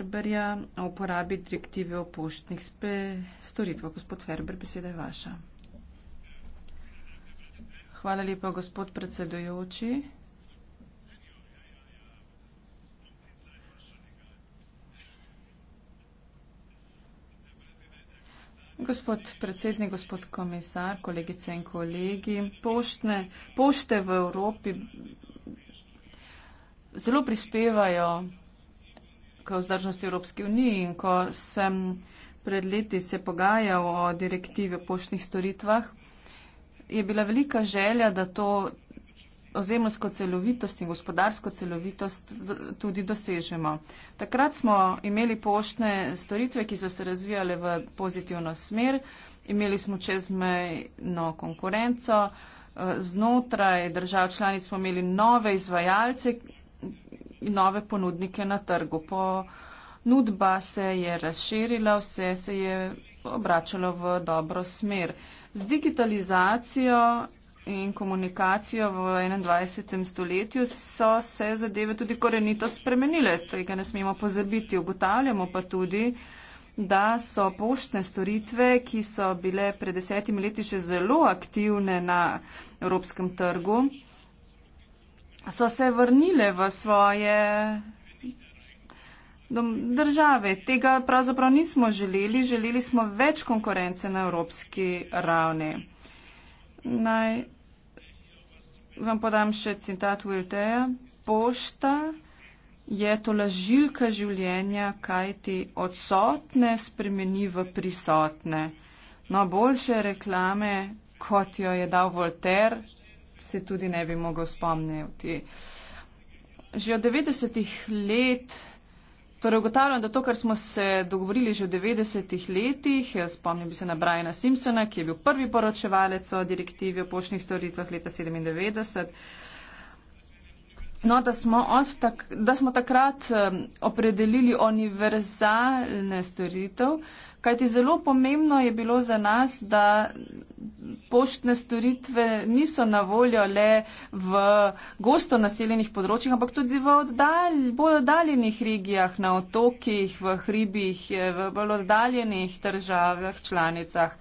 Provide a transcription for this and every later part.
Ferberja o uporabi direktive o poštnih storitvah. Gospod Ferber, beseda je vaša. Hvala lepa, gospod predsedujoči. Gospod predsednik, gospod komisar, kolegice in kolegi, poštne, pošte v Evropi zelo prispevajo k vzdržnosti Evropske unije in ko sem pred leti se pogajal o direktivi o poštnih storitvah, je bila velika želja, da to ozemljsko celovitost in gospodarsko celovitost tudi dosežemo. Takrat smo imeli poštne storitve, ki so se razvijale v pozitivno smer, imeli smo čezmejno konkurenco, e, znotraj držav članic smo imeli nove izvajalce, nove ponudnike na trgu. Ponudba se je razširila, vse se je obračalo v dobro smer. Z digitalizacijo in komunikacijo v 21. stoletju so se zadeve tudi korenito spremenile. Tega ne smemo pozabiti. Ugotavljamo pa tudi, da so poštne storitve, ki so bile pred desetimi leti še zelo aktivne na evropskem trgu, so se vrnile v svoje države. Tega pravzaprav nismo želeli, želeli smo več konkurence na evropski ravni. Naj vam podam še citat Wilteja. Pošta je to lažilka življenja, kaj ti odsotne spremeni v prisotne. No, boljše reklame, kot jo je dal Voltaire, se tudi ne bi mogel spomniti. Že od 90-ih let, torej ugotavljam, da to, kar smo se dogovorili že v 90-ih letih, spomnim bi se na Briana Simpsona, ki je bil prvi poročevalec o direktivi o poštnih storitvah leta 97. No, da smo, tak, da smo takrat um, opredelili univerzalne storitev, uh, Kajti zelo pomembno je bilo za nas, da poštne storitve niso na voljo le v gosto naseljenih področjih, ampak tudi v oddalj, bolj oddaljenih regijah, na otokih, v hribih, v bolj oddaljenih državah, članicah.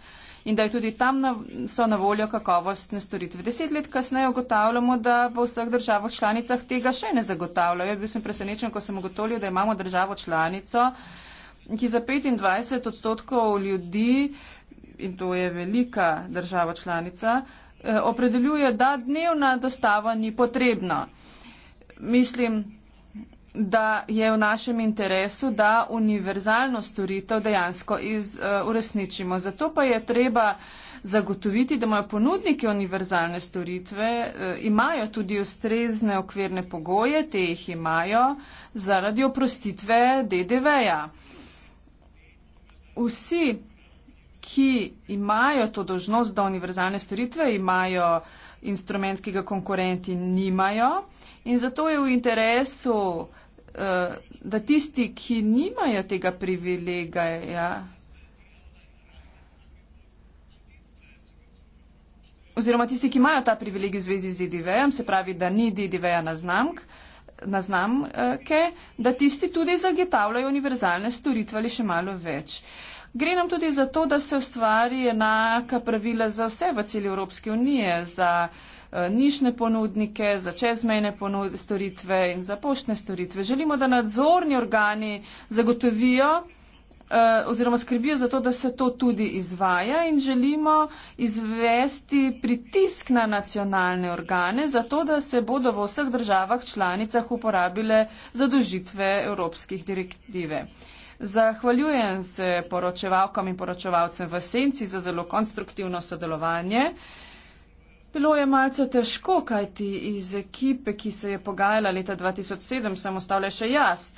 In da je tudi tam na, so na voljo kakovostne storitve. Deset let kasneje ugotavljamo, da v vseh državah članicah tega še ne zagotavljajo. Jaz bi sem presenečen, ko sem ugotovil, da imamo državo članico ki za 25 odstotkov ljudi, in to je velika država članica, eh, opredeljuje, da dnevna dostava ni potrebna. Mislim, da je v našem interesu, da univerzalno storitev dejansko iz, eh, uresničimo. Zato pa je treba zagotoviti, da imajo ponudniki univerzalne storitve, eh, imajo tudi ustrezne okvirne pogoje, te jih imajo zaradi oprostitve DDV-ja vsi, ki imajo to dožnost do univerzalne storitve, imajo instrument, ki ga konkurenti nimajo in zato je v interesu, eh, da tisti, ki nimajo tega privilega, ja, oziroma tisti, ki imajo ta privilegij v zvezi z DDV-jem, se pravi, da ni DDV-ja na znamk, uh, na znamke, da tisti tudi zagotavljajo univerzalne storitve ali še malo več. Gre nam tudi za to, da se ustvari enaka pravila za vse v celi Evropske unije, za eh, nišne ponudnike, za čezmejne ponud, storitve in za poštne storitve. Želimo, da nadzorni organi zagotovijo, Eh, oziroma skrbijo za to, da se to tudi izvaja in želimo izvesti pritisk na nacionalne organe za to, da se bodo v vseh državah članicah uporabile zadožitve evropskih direktive. Zahvaljujem se poročevalkam in poročevalcem v senci za zelo konstruktivno sodelovanje. Bilo je malce težko, kajti iz ekipe, ki se je pogajala leta 2007, sem ostala še jaz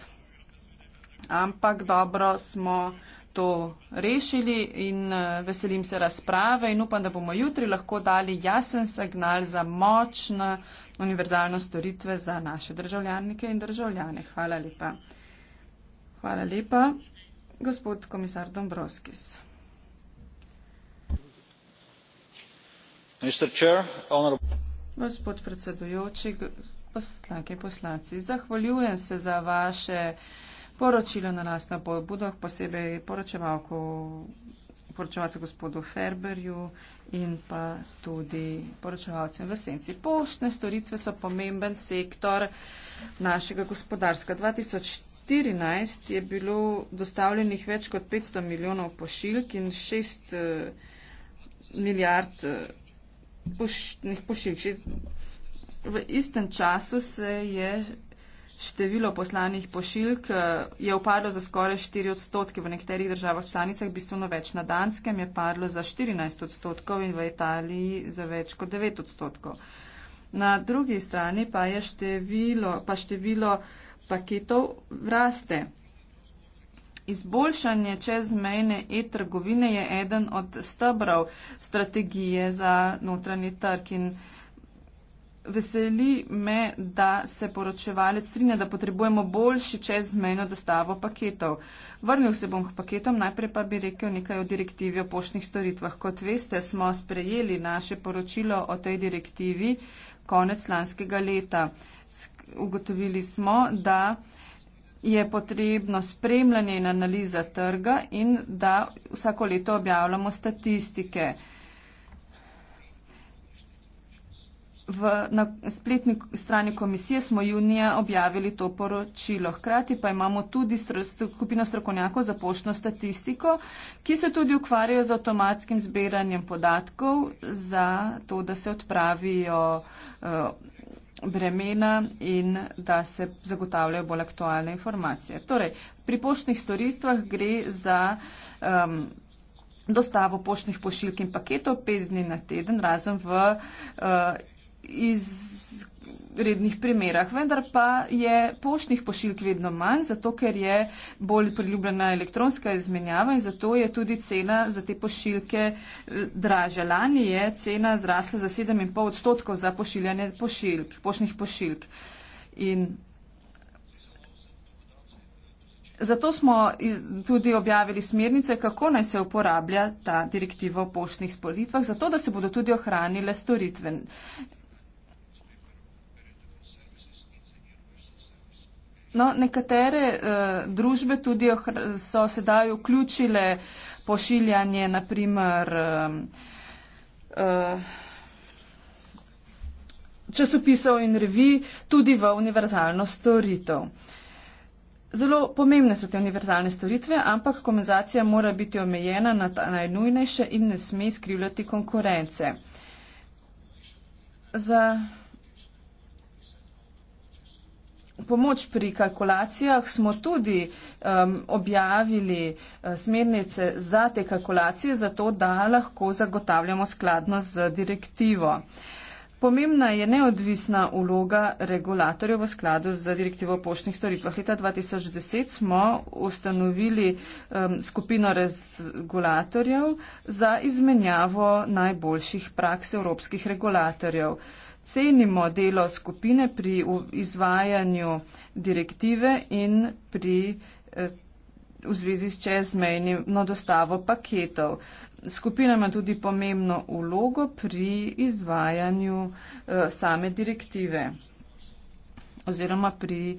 ampak dobro smo to rešili in eh, veselim se razprave in upam, da bomo jutri lahko dali jasen signal za močno univerzalno storitve za naše državljanke in državljane. Hvala lepa. Hvala lepa, gospod komisar Dombrovskis. Gospod predsedujoči, poslanke in poslanci, zahvaljujem se za vaše poročilo na lastno pobudo, posebej poročevalko, poročevalce gospodu Ferberju in pa tudi poročevalcem v senci. Poštne storitve so pomemben sektor našega gospodarska. 2014 je bilo dostavljenih več kot 500 milijonov pošiljk in 6 eh, milijard eh, poštnih pošiljk. V istem času se je Število poslanih pošiljk eh, je upadlo za skoraj 4 odstotke, v nekaterih državah članicah bistveno več. Na Danskem je padlo za 14 odstotkov in v Italiji za več kot 9 odstotkov. Na drugi strani pa je število, pa število paketov raste. Izboljšanje čezmejne e-trgovine je eden od stebrov strategije za notranji trg in trg. Veseli me, da se poročevalec strinja, da potrebujemo boljši čezmejno dostavo paketov. Vrnil se bom k paketom, najprej pa bi rekel nekaj o direktivi o poštnih storitvah. Kot veste, smo sprejeli naše poročilo o tej direktivi konec lanskega leta. Ugotovili smo, da je potrebno spremljanje in analiza trga in da vsako leto objavljamo statistike. V, na spletni strani komisije smo junija objavili to poročilo. Hkrati pa imamo tudi skupino strokovnjakov za poštno statistiko, ki se tudi ukvarjajo z avtomatskim zbiranjem podatkov za to, da se odpravijo uh, bremena in da se zagotavljajo bolj aktualne informacije. Torej, pri poštnih storitvah gre za. Um, Dostavo poštnih pošiljk in paketov pet dni na teden, razen v uh, izrednih primerah. Vendar pa je poštnih pošiljk vedno manj, zato ker je bolj priljubljena elektronska izmenjava in zato je tudi cena za te pošiljke eh, dražja. Lani je cena zrasla za 7,5 odstotkov za pošiljanje pošiljk, poštnih pošiljk. In Zato smo tudi objavili smernice, kako naj se uporablja ta direktiva o poštnih spolitvah, zato da se bodo tudi ohranile storitve. No, nekatere uh, družbe tudi so sedaj vključile pošiljanje, naprimer, uh, eh, uh, eh, časopisov in revij tudi v univerzalno storitev. Zelo pomembne so te univerzalne storitve, ampak komenzacija mora biti omejena na najnujnejše in ne sme skrivljati konkurence. Za pomoč pri kalkulacijah smo tudi um, objavili uh, smernice za te kalkulacije, zato da lahko zagotavljamo skladnost z direktivo. Pomembna je neodvisna uloga regulatorjev v skladu z direktivo o poštnih storitvah. Leta 2010 smo ustanovili um, skupino regulatorjev za izmenjavo najboljših praks evropskih regulatorjev cenimo delo skupine pri izvajanju direktive in pri eh, v zvezi s čezmejno dostavo paketov. Skupina ima tudi pomembno ulogo pri izvajanju eh, same direktive oziroma pri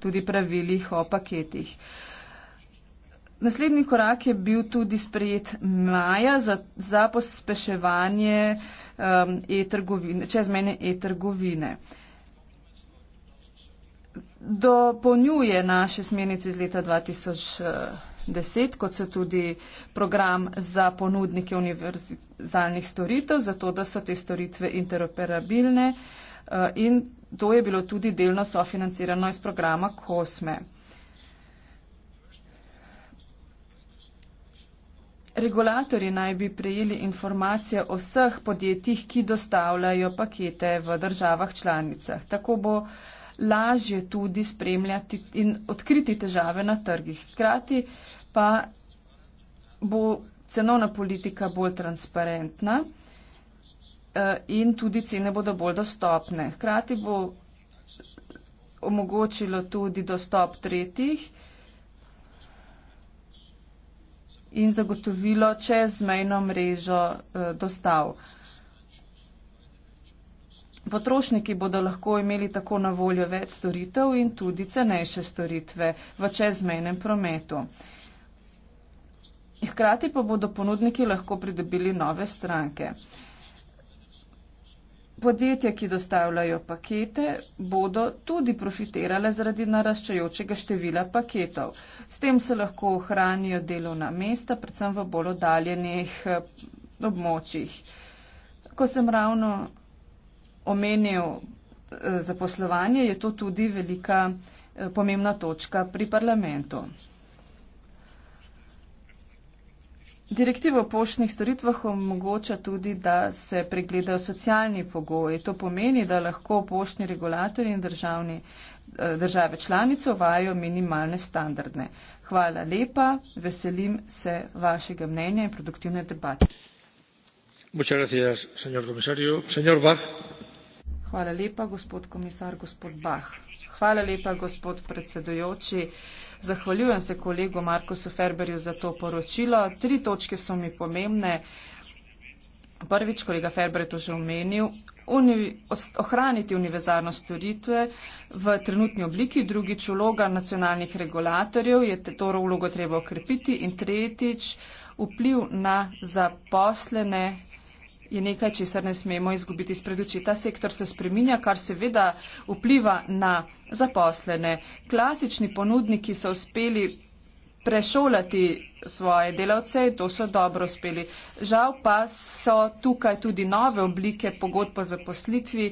tudi pravilih o paketih. Naslednji korak je bil tudi sprejet maja za, za pospeševanje eh, Um, e-trgovine, čezmejne e-trgovine. Dopolnjuje naše smernice iz leta 2010, kot so tudi program za ponudnike univerzalnih storitev, zato da so te storitve interoperabilne uh, in to je bilo tudi delno sofinancirano iz programa COSME. Regulatori naj bi prejeli informacije o vseh podjetjih, ki dostavljajo pakete v državah članicah. Tako bo lažje tudi spremljati in odkriti težave na trgih. Hkrati pa bo cenovna politika bolj transparentna eh, in tudi cene bodo bolj dostopne. Hkrati bo omogočilo tudi dostop tretjih. in zagotovilo čezmejno mrežo eh, dostav. Potrošniki bodo lahko imeli tako na voljo več storitev in tudi cenejše storitve v čezmejnem prometu. Hkrati pa bodo ponudniki lahko pridobili nove stranke. Podjetja, ki dostavljajo pakete, bodo tudi profitirale zaradi naraščajočega števila paketov. S tem se lahko ohranijo delovna mesta, predvsem v bolj oddaljenih eh, območjih. Ko sem ravno omenil eh, zaposlovanje, je to tudi velika eh, pomembna točka pri parlamentu. Direktiva o poštnih storitvah omogoča tudi, da se pregledajo socialni pogoji. To pomeni, da lahko poštni regulatorji in državni, eh, države članice uvajo minimalne standardne. Hvala lepa, veselim se vašega mnenja in produktivne debate. Hvala lepa, gospod komisar, gospod Bah. Hvala lepa, gospod predsedujoči. Zahvaljujem se kolegu Markusu Ferberju za to poročilo. Tri točke so mi pomembne. Prvič, kolega Ferber je to že omenil, uni, ohraniti univerzalno storitve v trenutni obliki, drugič vloga nacionalnih regulatorjev je to vlogo treba okrepiti in tretjič vpliv na zaposlene je nekaj, česar ne smemo izgubiti spred oči. Ta sektor se spreminja, kar seveda vpliva na zaposlene. Klasični ponudniki so uspeli prešolati svoje delavce, to so dobro uspeli. Žal pa so tukaj tudi nove oblike pogodb o zaposlitvi,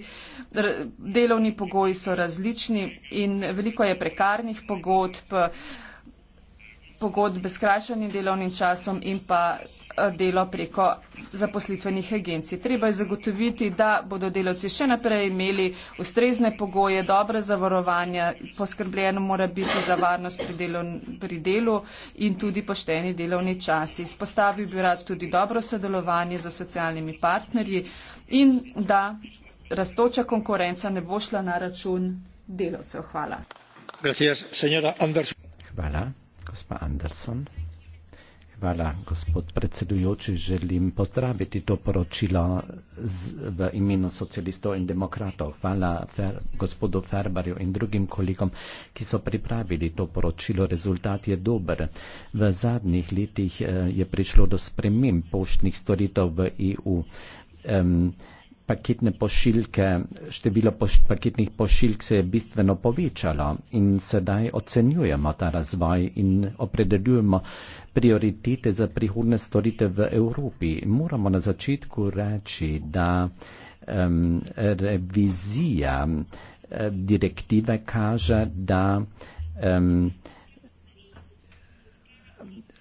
R delovni pogoji so različni in veliko je prekarnih pogodb, pogodb s krajšanjem delovnim časom in pa Eh, delo preko zaposlitvenih agencij. Treba je zagotoviti, da bodo delavci še naprej imeli ustrezne pogoje, dobre zavarovanja, poskrbljeno mora biti za varnost pri delu, pri delu in tudi pošteni delovni časi. Spostavil bi rad tudi dobro sodelovanje z socialnimi partnerji in da rastoča konkurenca ne bo šla na račun delavcev. Hvala. Gracias, Hvala, gospa Anderson. Hvala, gospod predsedujoči. Želim pozdraviti to poročilo z, v imenu socialistov in demokratov. Hvala fer, gospodu Ferbarju in drugim kolegom, ki so pripravili to poročilo. Rezultat je dober. V zadnjih letih eh, je prišlo do sprememb poštnih storitev v EU. Um, paketne pošiljke, število poš, paketnih pošiljk se je bistveno povečalo in sedaj ocenjujemo ta razvoj in opredeljujemo prioritete za prihodne storite v Evropi. Moramo na začetku reči, da um, revizija eh, direktive kaže, da um,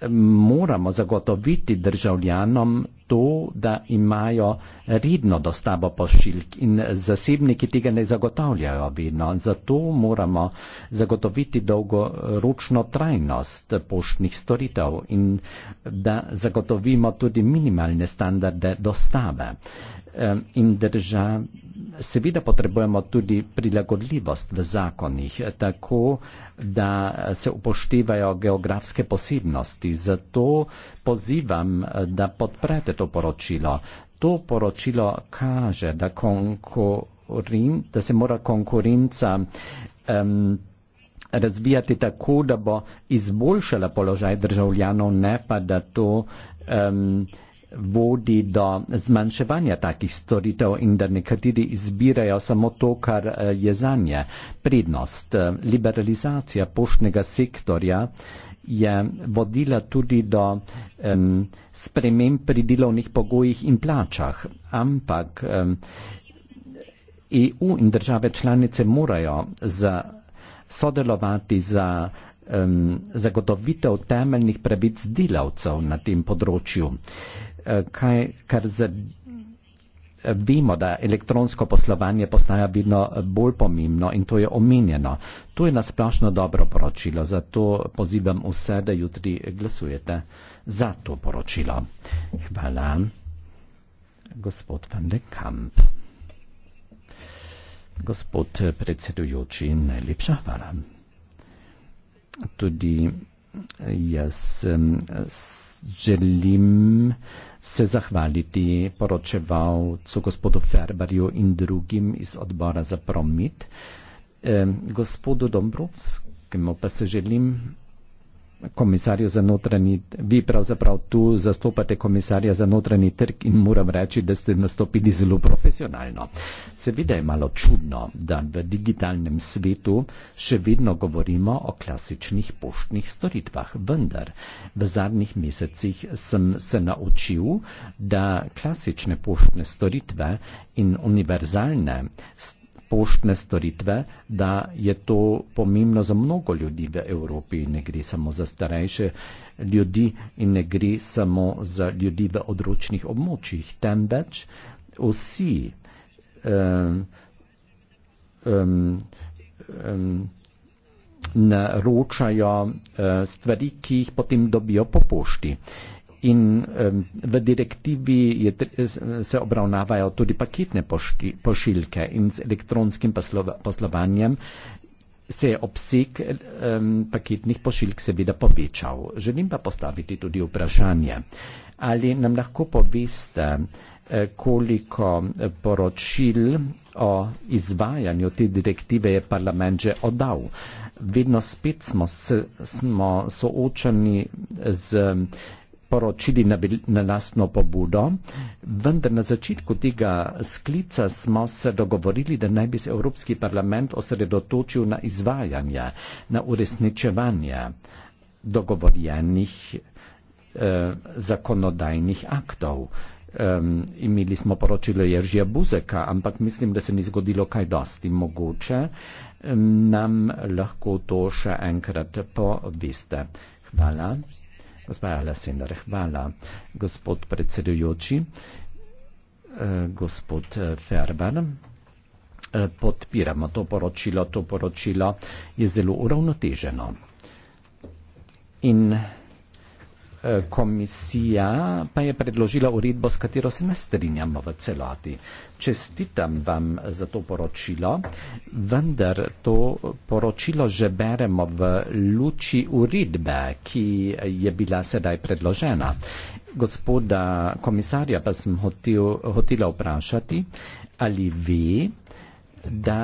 moramo zagotoviti državljanom to, da imajo redno dostavo pošiljk in zasebniki tega ne zagotavljajo vedno. Zato moramo zagotoviti dolgoročno trajnost poštnih storitev in da zagotovimo tudi minimalne standarde dostave in drža. Seveda potrebujemo tudi prilagodljivost v zakonih, tako da se upoštevajo geografske posebnosti. Zato pozivam, da podprete to poročilo. To poročilo kaže, da, konkurin, da se mora konkurenca um, razvijati tako, da bo izboljšala položaj državljanov, ne pa da to. Um, vodi do zmanjševanja takih storitev in da nekateri izbirajo samo to, kar eh, je za nje. Prednost eh, liberalizacija poštnega sektorja je vodila tudi do um, sprememb pri delovnih pogojih in plačah, ampak um, EU in države članice morajo za sodelovati za um, zagotovitev temeljnih pravic delavcev na tem področju. E, kaj, kar z, vemo, da elektronsko poslovanje postaja vedno bolj pomembno in to je omenjeno. To je nasplošno dobro poročilo, zato pozivam vse, da jutri glasujete za to poročilo. Hvala, gospod Van de Kamp. Gospod predsedujoči, najlepša hvala tudi eh, jaz želim se zahvaliti poročevalcu gospodu Ferbarju in drugim iz odbora za promit. Gospodu Dombrovskemu pa se želim komisarju za notranji, vi pravzaprav tu zastopate komisarja za notranji trg in moram reči, da ste nastopili zelo profesionalno. Seveda je malo čudno, da v digitalnem svetu še vedno govorimo o klasičnih poštnih storitvah, vendar v zadnjih mesecih sem se naučil, da klasične poštne storitve in univerzalne storitve poštne storitve, da je to pomembno za mnogo ljudi v Evropi in ne gre samo za starejše ljudi in ne gre samo za ljudi v odročnih območjih, temveč vsi um, um, um, naročajo uh, stvari, ki jih potem dobijo po pošti. Uh, in um, v direktivi je, se obravnavajo tudi paketne pošti, pošiljke in z elektronskim poslova, poslovanjem se je obseg um, paketnih pošiljk seveda povečal. Želim pa postaviti tudi vprašanje, ali nam lahko poveste, eh, koliko eh, poročil o izvajanju te direktive je parlament že oddal. Vedno spet smo, se, smo soočeni z. Um, poročili na, na lastno pobudo, vendar na začetku tega sklica smo se dogovorili, da naj bi se Evropski parlament osredotočil na izvajanje, na uresničevanje dogovorjenih eh, zakonodajnih aktov. Um, imeli smo poročilo Jeržija Buzeka, ampak mislim, da se ni zgodilo kaj dosti mogoče. Um, nam lahko to še enkrat poveste. Hvala. Hvala. Gospa Lesendar, hvala. Gospod predsedujoči, eh, gospod eh, Ferber, eh, podpiramo to poročilo. To poročilo je zelo uravnoteženo. In Eh, komisija pa je predložila uredbo, s katero se ne strinjamo v celoti. Čestitam vam za to poročilo, vendar to poročilo že beremo v luči uredbe, ki je bila sedaj predložena. Gospoda komisarja pa sem hotel, hotela vprašati, ali ve, da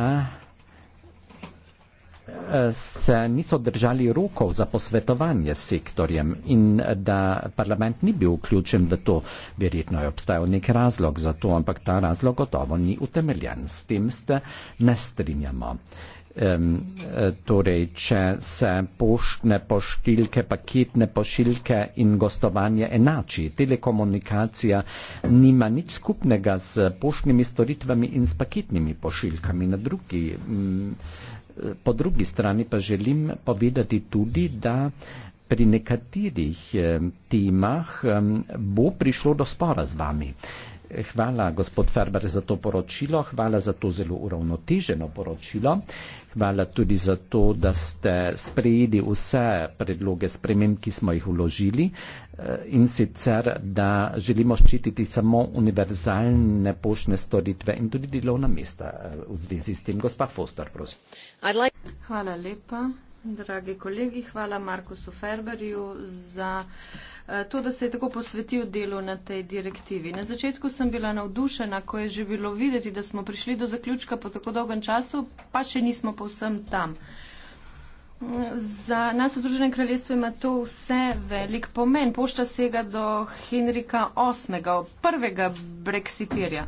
Eh, se niso držali rokov za posvetovanje s sektorjem in da parlament ni bil vključen v to. Verjetno je obstajal nek razlog za to, ampak ta razlog gotovo ni utemeljen. S tem ste ne strinjamo. Um, torej, če se poštne poštilke, paketne pošiljke in gostovanje enači, telekomunikacija nima nič skupnega z poštnimi storitvami in s paketnimi pošiljkami. Na drugi um, po drugi strani pa želim povedati tudi, da pri nekaterih eh, temah eh, bo prišlo do spora z vami. Hvala, gospod Farber, za to poročilo, hvala za to zelo uravnoteženo poročilo, hvala tudi za to, da ste sprejeli vse predloge spremen, ki smo jih uložili eh, in sicer, da želimo ščititi samo univerzalne poštne storitve in tudi delovna mesta eh, v zvezi s tem. Gospa Foster, prosim. Like... Hvala lepa, dragi kolegi, hvala Markusu Ferberju za. Eh, to, da se je tako posvetil delu na tej direktivi. Na začetku sem bila navdušena, ko je že bilo videti, da smo prišli do zaključka po tako dolgem času, pa še nismo povsem tam. Za nas v Združenem kraljestvu ima to vse velik pomen. Pošta sega do Henrika VIII., prvega breksitirja.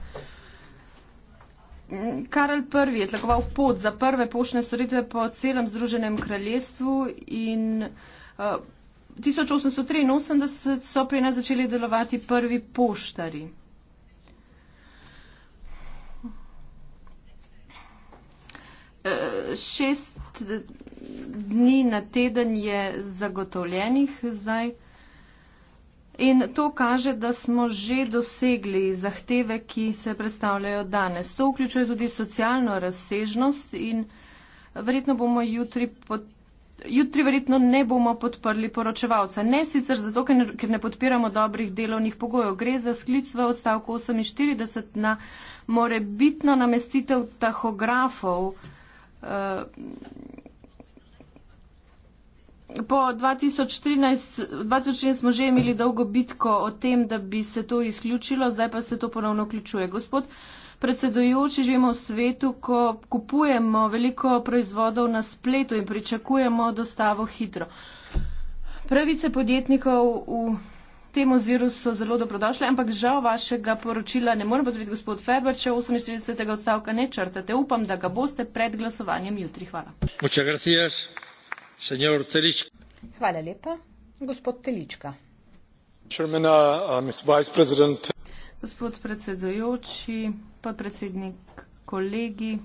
Karel I. je tlakoval pot za prve poštne storitve po celem Združenem kraljestvu in uh, 1883 so pri nas začeli delovati prvi poštari. E, šest dni na teden je zagotovljenih zdaj in to kaže, da smo že dosegli zahteve, ki se predstavljajo danes. To vključuje tudi socialno razsežnost in verjetno bomo jutri potrebovali jutri verjetno ne bomo podprli poročevalca. Ne sicer zato, ker ne, ker ne podpiramo dobrih delovnih pogojev. Gre za sklic v odstavku 48 na morebitno namestitev tahografov. Uh, Po 2014, 2014 smo že imeli dolgo bitko o tem, da bi se to izključilo, zdaj pa se to ponovno vključuje. Gospod uh, predsedujoči živimo v svetu, ko kupujemo veliko proizvodov na spletu in pričakujemo dostavo hitro. Pravice podjetnikov v tem oziru so zelo dobrodošle, ampak žal vašega poročila ne morem potrebiti, gospod Ferber, če 48. odstavka ne črtate. Upam, da ga boste pred glasovanjem jutri. Hvala. Hvala lepa. Gospod Telička. Chairman, uh, uh, Gospod predsedujoči, podpredsednik, kolegi.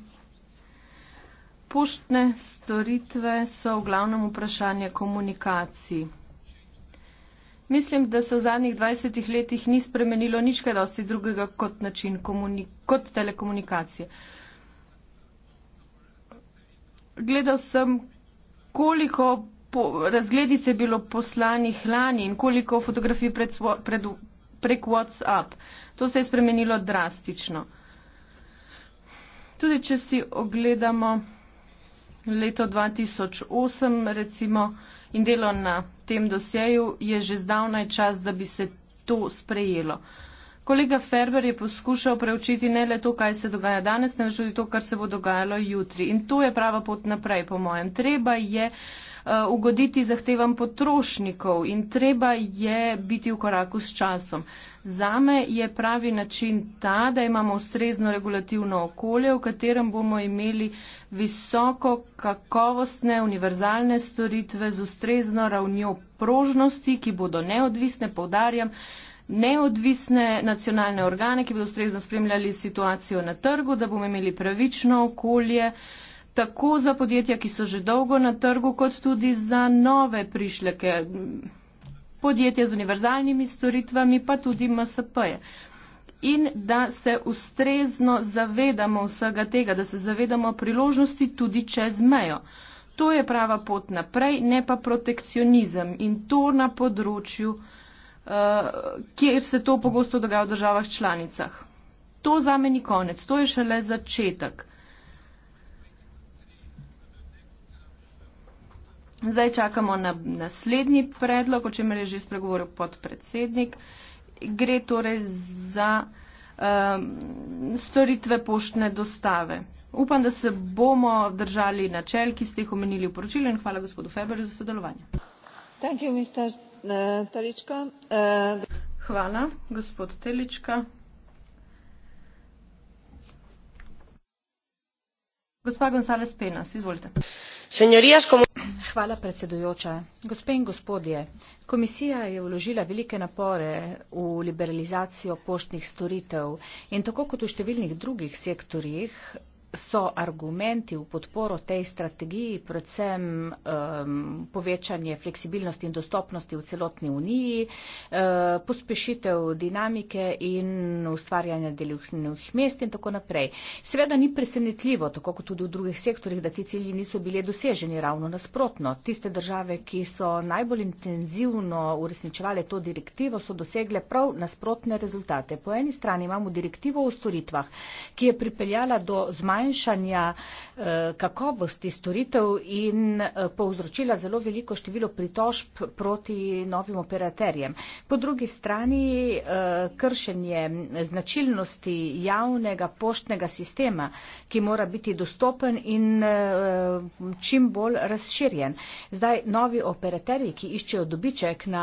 Poštne storitve so v glavnem vprašanje komunikacij. Mislim, da se v zadnjih 20 letih ni spremenilo nič kaj dosti drugega kot način komunik kot telekomunikacije. Gledal sem, koliko razglednic je bilo poslanih lani in koliko fotografij pred, pred, prek WhatsApp. To se je spremenilo drastično. Tudi če si ogledamo leto 2008 recimo in delo na tem dosjeju, je že zdavnaj čas, da bi se to sprejelo. Kolega Ferber je poskušal preučiti ne le to, kaj se dogaja danes, temveč tudi to, kar se bo dogajalo jutri. In to je prava pot naprej, po mojem. Treba je. Eh, ugoditi zahtevam potrošnikov in treba je biti v koraku s časom. Zame je pravi način ta, da imamo ustrezno regulativno okolje, v katerem bomo imeli visoko kakovostne univerzalne storitve z ustrezno ravnjo prožnosti, ki bodo neodvisne, povdarjam, neodvisne nacionalne organe, ki bodo ustrezno spremljali situacijo na trgu, da bomo imeli pravično okolje tako za podjetja, ki so že dolgo na trgu, kot tudi za nove prišleke, podjetja z univerzalnimi storitvami, pa tudi MSP-je. In da se ustrezno zavedamo vsega tega, da se zavedamo priložnosti tudi čez mejo. To je prava pot naprej, ne pa protekcionizem in to na področju, uh, kjer se to pogosto dogaja v državah članicah. To za me ni konec, to je šele začetek. Zdaj čakamo na naslednji predlog, o čemer je že spregovoril podpredsednik. Gre torej za um, storitve poštne dostave. Upam, da se bomo držali načel, ki ste jih omenili v poročilu in hvala gospodu Feberu za sodelovanje. Eh, eh, hvala, gospod Telička. Señorías, como... Hvala predsedujoča. Gospe in gospodje, komisija je vložila velike napore v liberalizacijo poštnih storitev in tako kot v številnih drugih sektorjih so argumenti v podporo tej strategiji, predvsem um, povečanje fleksibilnosti in dostopnosti v celotni uniji, uh, pospešitev dinamike in ustvarjanje delovnih mest in tako naprej. Seveda ni presenetljivo, tako kot tudi v drugih sektorjih, da ti cilji niso bili doseženi ravno nasprotno. Tiste države, ki so najbolj intenzivno uresničevale to direktivo, so dosegle prav nasprotne rezultate. Po eni strani imamo direktivo o storitvah, ki je pripeljala do zmanjšanja zmanjšanja eh, kakovosti storitev in eh, povzročila zelo veliko število pritožb proti novim operaterjem. Po drugi strani eh, kršenje značilnosti javnega poštnega sistema, ki mora biti dostopen in čim bolj razširjen. Zdaj novi operaterji, ki iščejo dobiček na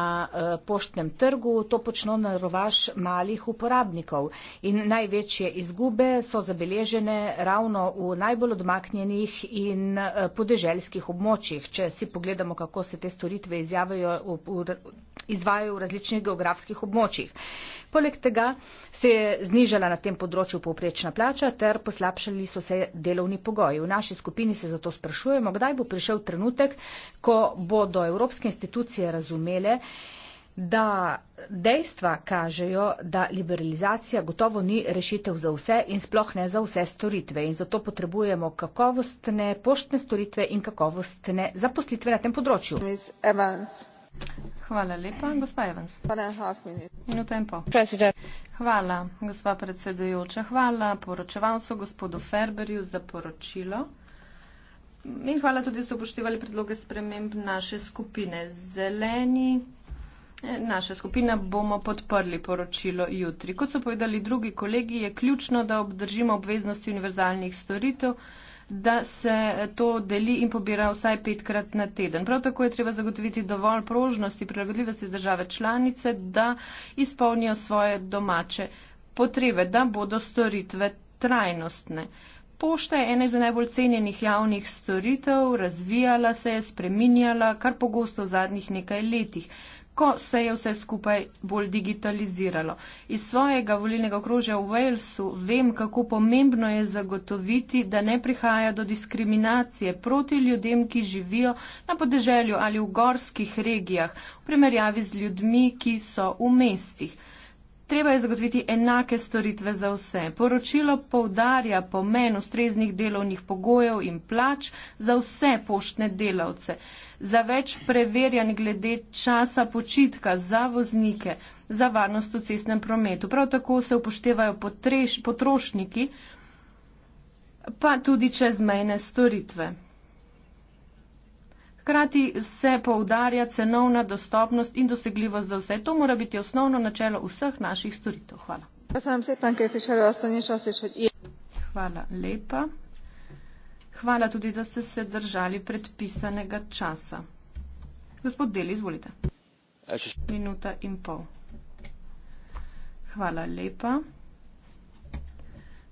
poštnem trgu, to počno na rovaš malih uporabnikov in največje izgube so zabeležene ravno ravno v najbolj odmaknjenih in eh, podeželskih območjih. Če si pogledamo, kako se te storitve izjavajo v, v, izvajajo v različnih geografskih območjih. Poleg tega se je znižala na tem področju povprečna plača ter poslabšali so se delovni pogoji. V naši skupini se zato sprašujemo, kdaj bo prišel trenutek, ko bodo evropske institucije razumele, da dejstva kažejo, da liberalizacija gotovo ni rešitev za vse in sploh ne za vse storitve. In zato potrebujemo kakovostne poštne storitve in kakovostne zaposlitve na tem področju. Hvala lepa, gospa Evans. Minuto in pol. Hvala, gospa predsedujoča. Hvala poročevalcu, gospodu Ferberju, za poročilo. In hvala tudi, da ste upoštevali predloge sprememb naše skupine. Zeleni, Naša skupina bomo podprli poročilo jutri. Kot so povedali drugi kolegi, je ključno, da obdržimo obveznosti univerzalnih storitev, da se to deli in pobira vsaj petkrat na teden. Prav tako je treba zagotoviti dovolj prožnosti, prilagodljivosti države članice, da izpolnijo svoje domače potrebe, da bodo storitve trajnostne. Pošta je ena iz najbolj cenjenih javnih storitev, razvijala se je, spreminjala, kar pogosto v zadnjih nekaj letih ko se je vse skupaj bolj digitaliziralo. Iz svojega volilnega okrožja v Walesu vem, kako pomembno je zagotoviti, da ne prihaja do diskriminacije proti ljudem, ki živijo na podeželju ali v gorskih regijah v primerjavi z ljudmi, ki so v mestih. Treba je zagotoviti enake storitve za vse. Poročilo povdarja pomen ustreznih delovnih pogojev in plač za vse poštne delavce, za več preverjanj glede časa počitka za voznike, za varnost v cestnem prometu. Prav tako se upoštevajo potreš, potrošniki, pa tudi čezmejne storitve hkrati se poudarja cenovna dostopnost in dosegljivost za vse. To mora biti osnovno načelo vseh naših storitev. Hvala. Hvala lepa. Hvala tudi, da ste se držali predpisanega časa. Gospod Deli, izvolite. Minuta in pol. Hvala lepa.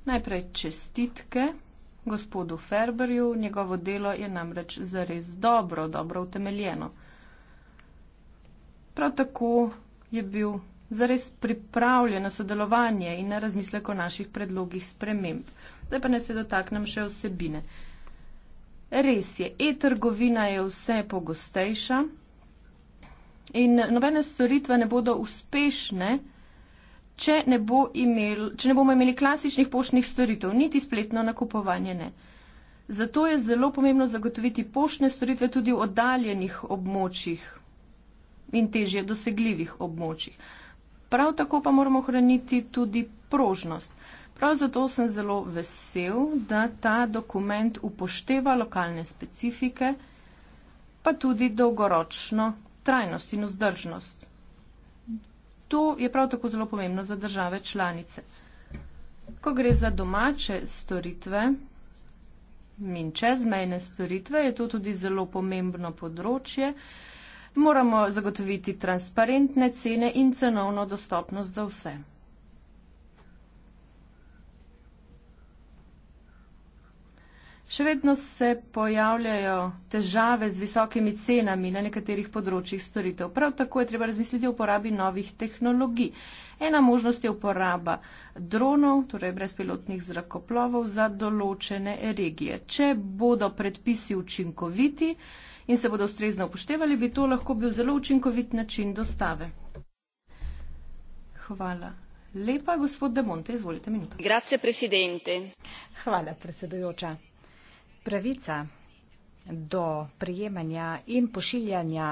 Najprej čestitke. Gospodu Ferberju njegovo delo je namreč zares dobro, dobro utemeljeno. Prav tako je bil zares pripravljen na sodelovanje in na razmislek o naših predlogih sprememb. Zdaj pa ne se dotaknem še vsebine. Res je, e-trgovina je vse pogostejša in nobene storitve ne bodo uspešne, če ne, bo imel, če ne bomo imeli klasičnih poštnih storitev, niti spletno nakupovanje ne. Zato je zelo pomembno zagotoviti poštne storitve tudi v oddaljenih območjih in težje dosegljivih območjih. Prav tako pa moramo ohraniti tudi prožnost. Prav zato sem zelo vesel, da ta dokument upošteva lokalne specifike, pa tudi dolgoročno trajnost in vzdržnost. To je prav tako zelo pomembno za države članice. Ko gre za domače storitve in čezmejne storitve, je to tudi zelo pomembno področje. Moramo zagotoviti transparentne cene in cenovno dostopnost za vse. Še vedno se pojavljajo težave z visokimi cenami na nekaterih področjih storitev. Prav tako je treba razmisliti o uporabi novih tehnologij. Ena možnost je uporaba dronov, torej brezpilotnih zrakoplovov, za določene regije. Če bodo predpisi učinkoviti in se bodo ustrezno upoštevali, bi to lahko bil zelo učinkovit način dostave. Hvala. Lepa, gospod Demonte, izvolite minuto. Hvala, predsedujoča pravica do prijemanja in pošiljanja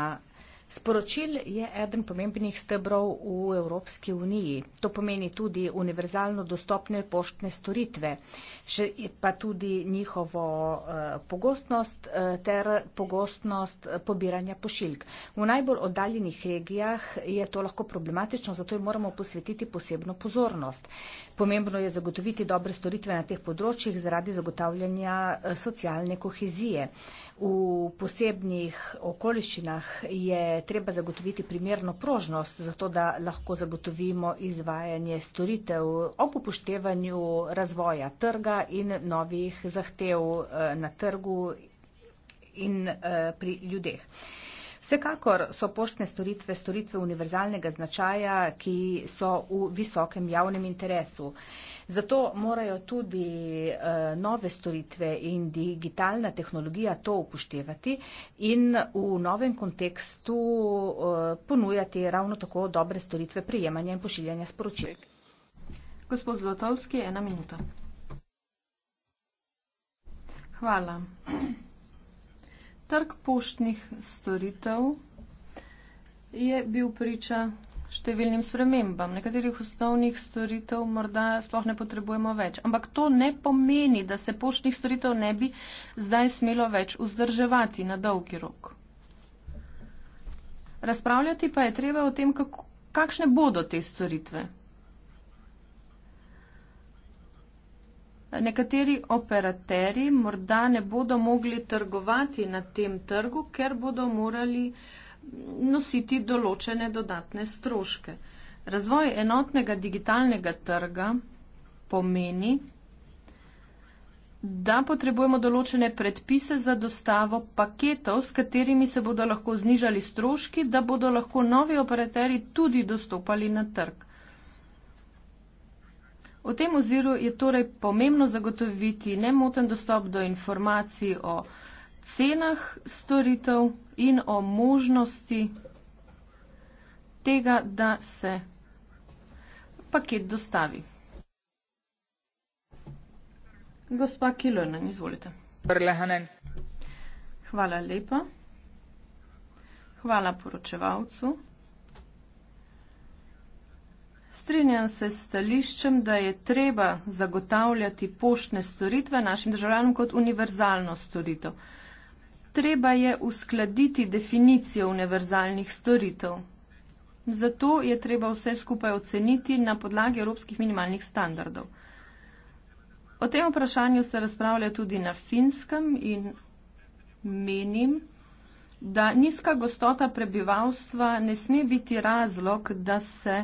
Sporočil je eden pomembnih stebrov v Evropski uniji. To pomeni tudi univerzalno dostopne poštne storitve, pa tudi njihovo eh, pogostnost eh, ter pogostnost eh, pobiranja pošiljk. V najbolj oddaljenih regijah je to lahko problematično, zato jim moramo posvetiti posebno pozornost. Pomembno je zagotoviti dobre storitve na teh področjih zaradi zagotavljanja socialne kohezije. V posebnih okoliščinah je treba zagotoviti primerno prožnost, zato da lahko zagotovimo izvajanje storitev ob upoštevanju razvoja trga in novih zahtev eh, na trgu in eh, pri ljudeh. Vsekakor so poštne storitve storitve univerzalnega značaja, ki so v visokem javnem interesu. Zato morajo tudi eh, nove storitve in digitalna tehnologija to upoštevati in v novem kontekstu eh, ponujati ravno tako dobre storitve prijemanja in pošiljanja sporočil. Gospod Zlotovski, ena minuta. Hvala. Trg poštnih storitev je bil priča številnim spremembam. Nekaterih osnovnih storitev morda sploh ne potrebujemo več. Ampak to ne pomeni, da se poštnih storitev ne bi zdaj smelo več vzdrževati na dolgi rok. Razpravljati pa je treba o tem, kako, kakšne bodo te storitve. Nekateri operateri morda ne bodo mogli trgovati na tem trgu, ker bodo morali nositi določene dodatne stroške. Razvoj enotnega digitalnega trga pomeni, da potrebujemo določene predpise za dostavo paketov, s katerimi se bodo lahko znižali stroški, da bodo lahko novi operateri tudi dostopali na trg. V tem oziru je torej pomembno zagotoviti nemoten dostop do informacij o cenah storitev in o možnosti tega, da se paket dostavi. Gospa Kilonen, izvolite. Brlehanen. Hvala lepa. Hvala poročevalcu. Strinjam se s stališčem, da je treba zagotavljati poštne storitve našim državljanom kot univerzalno storitev. Treba je uskladiti definicijo univerzalnih storitev. Zato je treba vse skupaj oceniti na podlagi evropskih minimalnih standardov. O tem vprašanju se razpravlja tudi na finskem in menim, da nizka gostota prebivalstva ne sme biti razlog, da se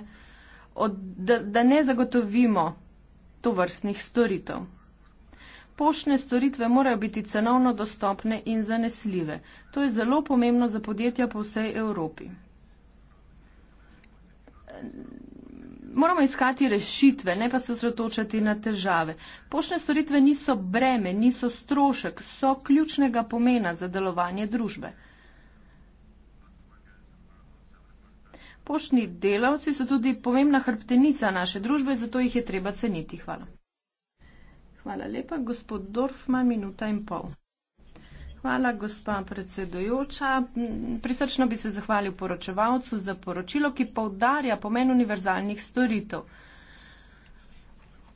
od, da, da ne zagotovimo to vrstnih storitev. Poštne storitve morajo biti cenovno dostopne in zanesljive. To je zelo pomembno za podjetja po vsej Evropi. Moramo iskati rešitve, ne pa se osredotočati na težave. Poštne storitve niso breme, niso strošek, so ključnega pomena za delovanje družbe. Poštni delavci so tudi pomembna hrbtenica naše družbe, zato jih je treba ceniti. Hvala. Hvala lepa, gospod Dorf, ima minuta in pol. Hvala, gospa predsedojoča. Mm, prisrčno bi se zahvalil poročevalcu za poročilo, ki povdarja pomen univerzalnih storitev.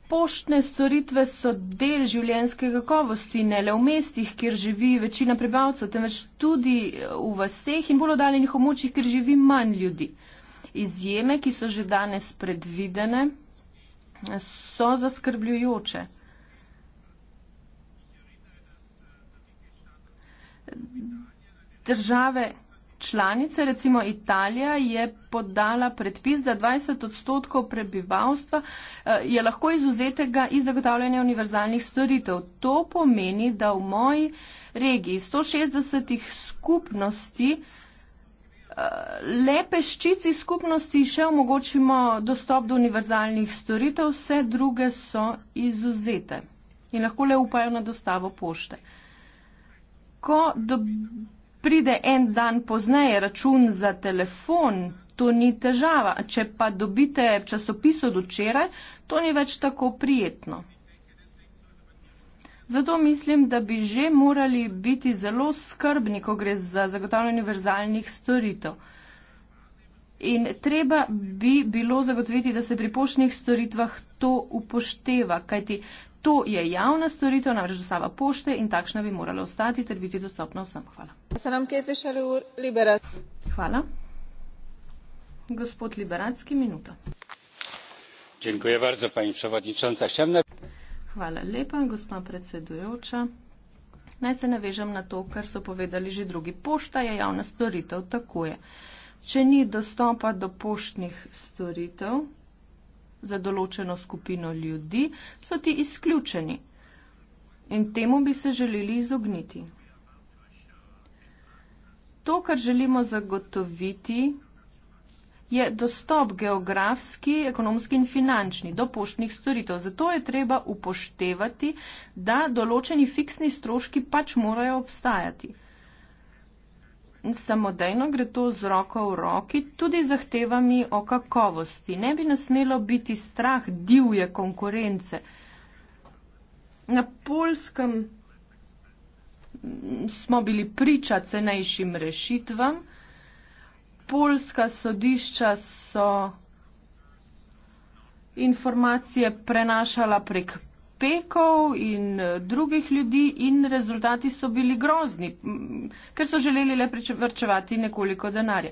Poštne storitve so del življenske kakovosti, ne le v mestih, kjer živi večina prebavcev, temveč tudi v vseh in bolj odaljenih območjih, kjer živi manj ljudi. Izjeme, ki so že danes predvidene, so zaskrbljujoče. Države članice, recimo Italija, je podala predpis, da 20 odstotkov prebivalstva eh, je lahko izuzetega iz zagotavljanja univerzalnih storitev. To pomeni, da v moji regiji 160 skupnosti le peščici skupnosti še omogočimo dostop do univerzalnih storitev, vse druge so izuzete in lahko le upajo na dostavo pošte. Ko pride en dan pozneje račun za telefon, to ni težava. Če pa dobite časopis od včeraj, to ni več tako prijetno. Zato mislim, da bi že morali biti zelo skrbni, ko gre za zagotavljanje univerzalnih storitev. In treba bi bilo zagotoviti, da se pri poštnih storitvah to upošteva, kajti to je javna storitev, namreč dostava pošte in takšna bi morala ostati ter biti dostopna vsem. Hvala. Hvala. Gospod Liberacki, minuta. Hvala lepa, gospa predsedujoča. Naj se navežem na to, kar so povedali že drugi. Pošta je javna storitev, tako je. Če ni dostopa do poštnih storitev za določeno skupino ljudi, so ti izključeni. In temu bi se želeli izogniti. To, kar želimo zagotoviti, je dostop geografski, ekonomski in finančni do poštnih storitev. Zato je treba upoštevati, da določeni fiksni stroški pač morajo obstajati. Samodejno gre to z roko v roki, tudi zahtevami o kakovosti. Ne bi nas smelo biti strah divje konkurence. Na polskem smo bili priča cenejšim rešitvam polska sodišča so informacije prenašala prek pekov in eh, drugih ljudi in rezultati so bili grozni, ker so želeli le vrčevati nekoliko denarja.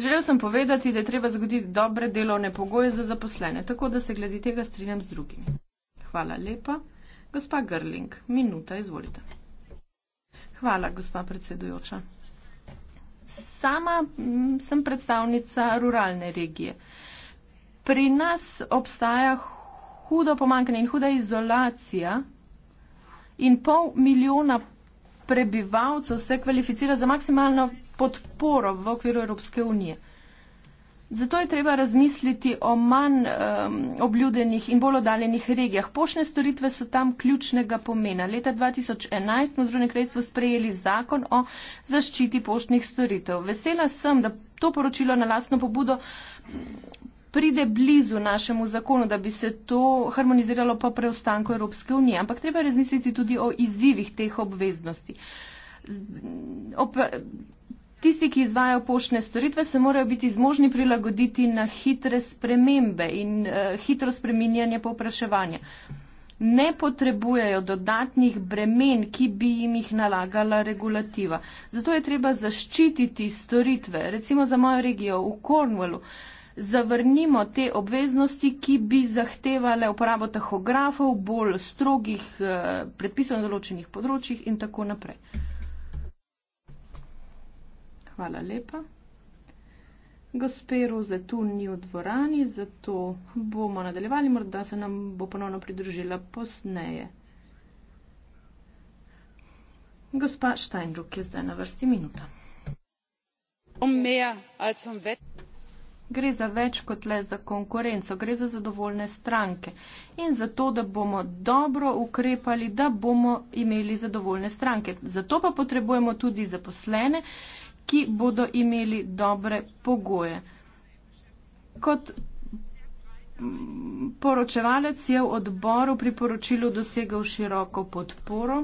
Želel sem povedati, da je treba zgoditi dobre delovne pogoje za zaposlene, tako da se glede tega strinjam z drugimi. Hvala lepa. Gospa Grling, minuta, izvolite. Hvala, gospa predsedujoča sama mm, sem predstavnica ruralne regije. Pri nas obstaja hudo pomankanje in huda izolacija in pol milijona prebivalcev se kvalificira za maksimalno podporo v okviru Evropske unije. Zato je treba razmisliti o manj um, obljudenih in bolj oddaljenih regijah. Poštne storitve so tam ključnega pomena. Leta 2011 smo v Združenem kraljestvu sprejeli zakon o zaščiti poštnih storitev. Vesela sem, da to poročilo na lastno pobudo pride blizu našemu zakonu, da bi se to harmoniziralo po preostanku Evropske unije. Ampak treba razmisliti tudi o izzivih teh obveznosti. Opra Tisti, ki izvajo poštne storitve, se morajo biti zmožni prilagoditi na hitre spremembe in uh, hitro spreminjanje popraševanja. Ne potrebujejo dodatnih bremen, ki bi jim jih nalagala regulativa. Zato je treba zaščititi storitve. Recimo za mojo regijo v Cornwallu zavrnimo te obveznosti, ki bi zahtevale uporabo tahografov, bolj strogih uh, predpisov na določenih področjih in tako naprej. Hvala lepa. Gospe Roze tu ni v dvorani, zato bomo nadaljevali, morda se nam bo ponovno pridružila posneje. Gospa Steinruck je zdaj na vrsti minuta. Gre za več kot le za konkurenco, gre za zadovoljne stranke in za to, da bomo dobro ukrepali, da bomo imeli zadovoljne stranke. Zato pa potrebujemo tudi zaposlene, ki bodo imeli dobre pogoje. Kot poročevalec je v odboru priporočilu dosegal široko podporo.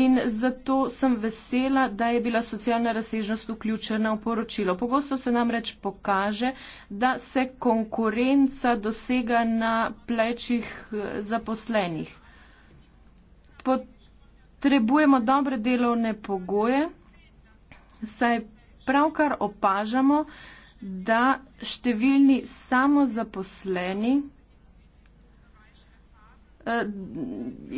In zato sem vesela, da je bila socialna razsežnost vključena v poročilo. Pogosto se nam reč pokaže, da se konkurenca dosega na plečih eh, zaposlenih potrebujemo dobre delovne pogoje, saj pravkar opažamo, da številni samozaposleni eh,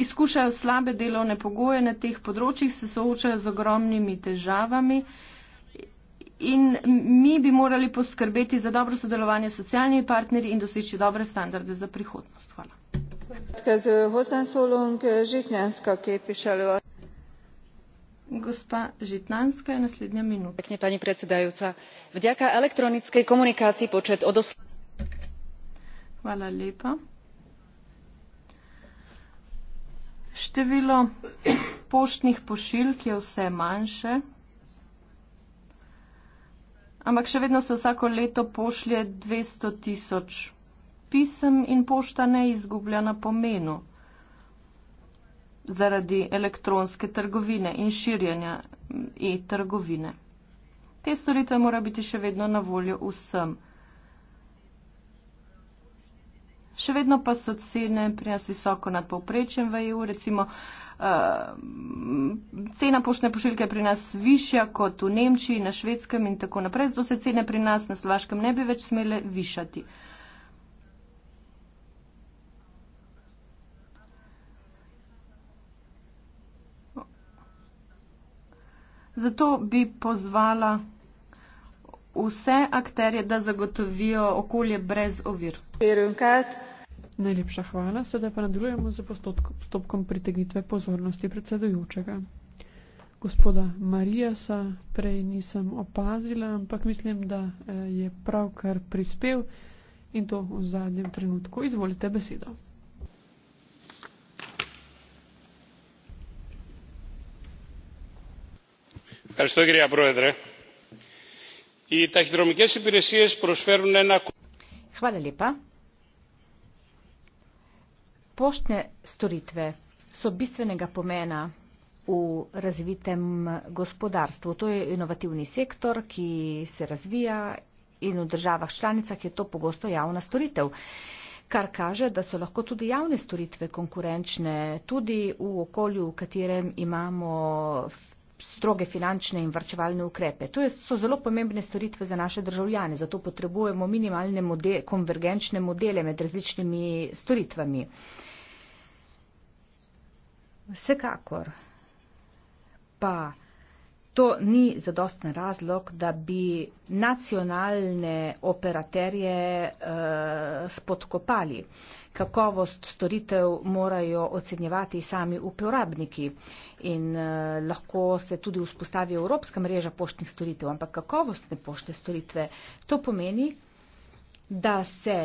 izkušajo slabe delovne pogoje na teh področjih, se soočajo z ogromnimi težavami in mi bi morali poskrbeti za dobro sodelovanje s socialnimi partnerji in doseči dobre standarde za prihodnost. Hvala pani predsedajúca vďaka elektronickej komunikácii počet odoslaných správ klesol o one hundred and forty število poštnih pošiljk je vse manjše ampak še vedno se vsako leto pošlje dvesto tisoč pisem in pošta ne izgublja na pomenu zaradi elektronske trgovine in širjenja e-trgovine. Te storitve mora biti še vedno na voljo vsem. Še vedno pa so cene pri nas visoko nad povprečjem v EU. Recimo, uh, cena poštne pošiljke je pri nas višja kot v Nemčiji, na švedskem in tako naprej. Zato se cene pri nas na slovaškem ne bi več smele višati. Uh, Zato bi pozvala vse akterje, da zagotovijo okolje brez ovir. Najlepša hvala, sedaj pa nadaljujemo z postopkom pritegnitve pozornosti predsedujočega. Gospoda Marijasa prej nisem opazila, ampak mislim, da eh, je pravkar prispel in to v zadnjem trenutku. Izvolite besedo. κυρία πρόεδρε οι ταχυδρομικές υπηρεσίες προσφέρουν ένα. Hvala lepa. Poštne storitve so bistvenega pomena v razvitem gospodarstvu. To je inovativni sektor, ki se razvija in v državah članicah je to pogosto javna storitev, kar kaže, da so lahko tudi javne storitve konkurenčne, tudi v okolju, v katerem imamo stroge finančne in vrčevalne ukrepe. To je, so zelo pomembne storitve za naše državljane, zato potrebujemo minimalne model, konvergenčne modele med različnimi storitvami. Vsekakor pa To ni zadosten razlog, da bi nacionalne operaterje e, spodkopali. Kakovost storitev morajo ocenjevati sami uporabniki in e, lahko se tudi vzpostavi Evropska mreža poštnih storitev, ampak kakovostne poštne storitve to pomeni, da se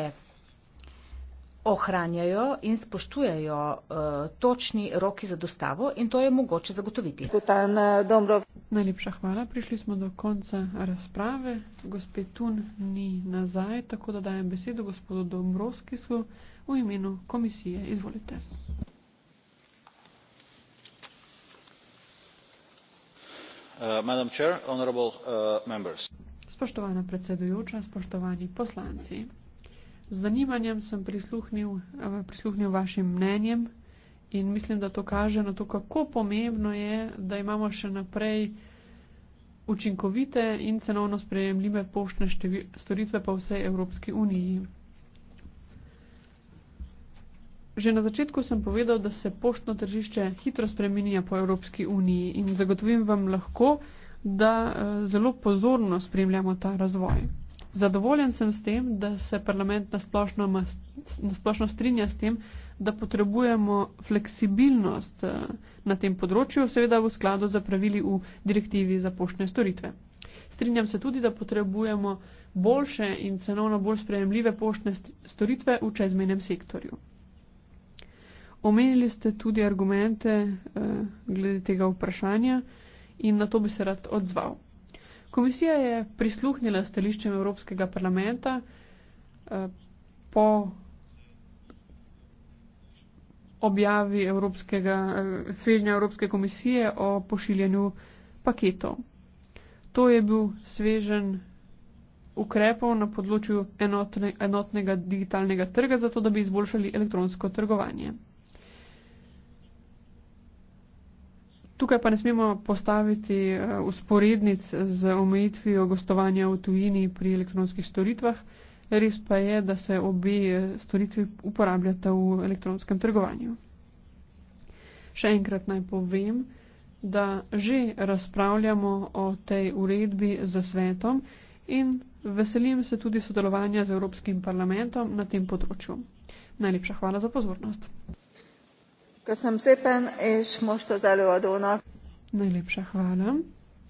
ohranjajo in spoštujejo uh, točni roki za dostavo in to je mogoče zagotoviti. Kutan, uh, Najlepša hvala. Prišli smo do konca razprave. Gospe Tun ni nazaj, tako da dajem besedo gospodu Dombrovskisu v imenu komisije. Izvolite. Uh, chair, uh, spoštovana predsedujoča, spoštovani poslanci. Z zanimanjem sem prisluhnil, eh, prisluhnil vašim mnenjem in mislim, da to kaže na to, kako pomembno je, da imamo še naprej učinkovite in cenovno sprejemljive poštne storitve pa vsej Evropski uniji. Že na začetku sem povedal, da se poštno tržišče hitro spreminja po Evropski uniji in zagotovim vam lahko, da eh, zelo pozorno spremljamo ta razvoj. Zadovoljen sem s tem, da se parlament nasplošno strinja s tem, da potrebujemo fleksibilnost eh, na tem področju, seveda v skladu za pravili v direktivi za poštne storitve. Strinjam se tudi, da potrebujemo boljše in cenovno bolj sprejemljive poštne storitve v čezmenem sektorju. Omenili ste tudi argumente eh, glede tega vprašanja in na to bi se rad odzval. Komisija je prisluhnila stališčem Evropskega parlamenta eh, po objavi Evropskega, eh, svežnja Evropske komisije o pošiljanju paketov. To je bil svežen ukrepov na področju enotne, enotnega digitalnega trga, zato da bi izboljšali elektronsko trgovanje. Tukaj pa ne smemo postaviti usporednic eh, z omejitvijo gostovanja v tujini pri elektronskih storitvah. Res pa je, da se obe eh, storitvi uporabljata v elektronskem trgovanju. Še enkrat naj povem, da že razpravljamo o tej uredbi z svetom in veselim se tudi sodelovanja z Evropskim parlamentom na tem področju. Najlepša hvala za pozornost. Köszönöm szépen, és most az előadónak. Najlepsze hálám.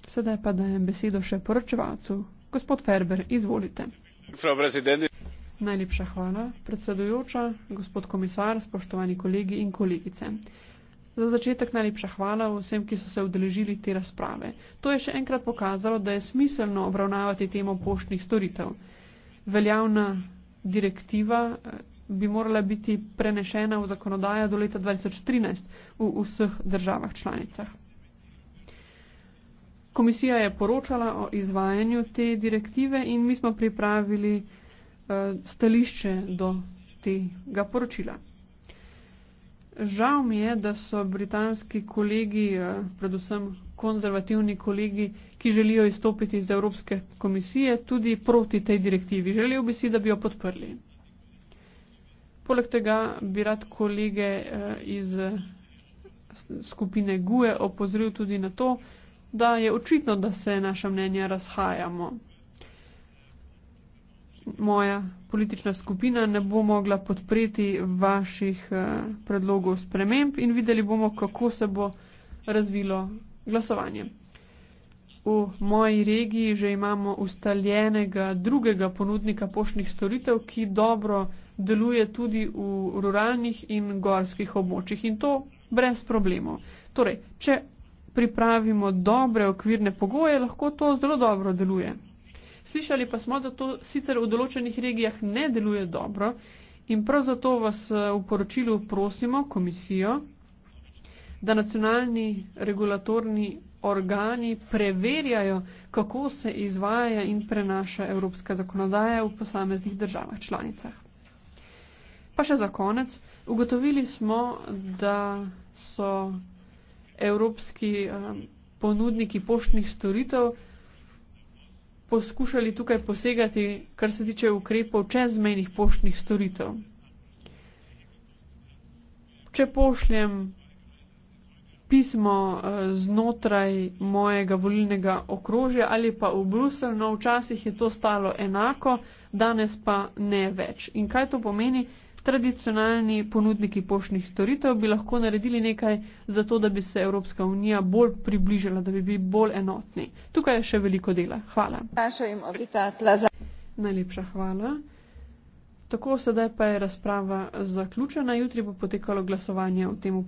Sedaj pa dajem besedo še poročevalcu. Gospod Ferber, izvolite. Najlepša hvala, predsedujoča, gospod komisar, spoštovani kolegi in kolegice. Za začetek najlepša hvala vsem, ki so se udeležili te razprave. To je še enkrat pokazalo, da je smiselno obravnavati temo poštnih storitev. Veljavna direktiva bi morala biti prenešena v zakonodajo do leta 2013 v vseh državah članicah. Komisija je poročala o izvajanju te direktive in mi smo pripravili uh, stališče do tega poročila. Žal mi je, da so britanski kolegi, eh, predvsem konzervativni kolegi, ki želijo izstopiti iz Evropske komisije, tudi proti tej direktivi. Želel bi si, da bi jo podprli. Poleg tega bi rad kolege eh, iz eh, skupine GUE opozoril tudi na to, da je očitno, da se naša mnenja razhajamo. Moja politična skupina ne bo mogla podpreti vaših eh, predlogov sprememb in videli bomo, kako se bo razvilo glasovanje. V moji regiji že imamo ustaljenega drugega ponudnika poštnih storitev, ki dobro deluje tudi v ruralnih in gorskih območjih in to brez problemov. Torej, če pripravimo dobre okvirne pogoje, lahko to zelo dobro deluje. Slišali pa smo, da to sicer v določenih regijah ne deluje dobro in prav zato vas eh, v poročilu prosimo komisijo, da nacionalni regulatorni organi preverjajo, kako se izvaja in prenaša evropska zakonodaja v posameznih državah članicah. Pa še za konec, ugotovili smo, da so evropski eh, ponudniki poštnih storitev poskušali tukaj posegati, kar se tiče ukrepov čezmejnih poštnih storitev. Če pošljem pismo eh, znotraj mojega volilnega okrožja ali pa v Bruselj, no včasih je to stalo enako, danes pa ne več. In kaj to pomeni? Tradicionalni ponudniki poštnih storitev bi lahko naredili nekaj za to, da bi se Evropska unija bolj približala, da bi bili bolj enotni. Tukaj je še veliko dela. Hvala. Najlepša hvala. Tako sedaj pa je razprava zaključena. Jutri bo potekalo glasovanje o tem vprašanju.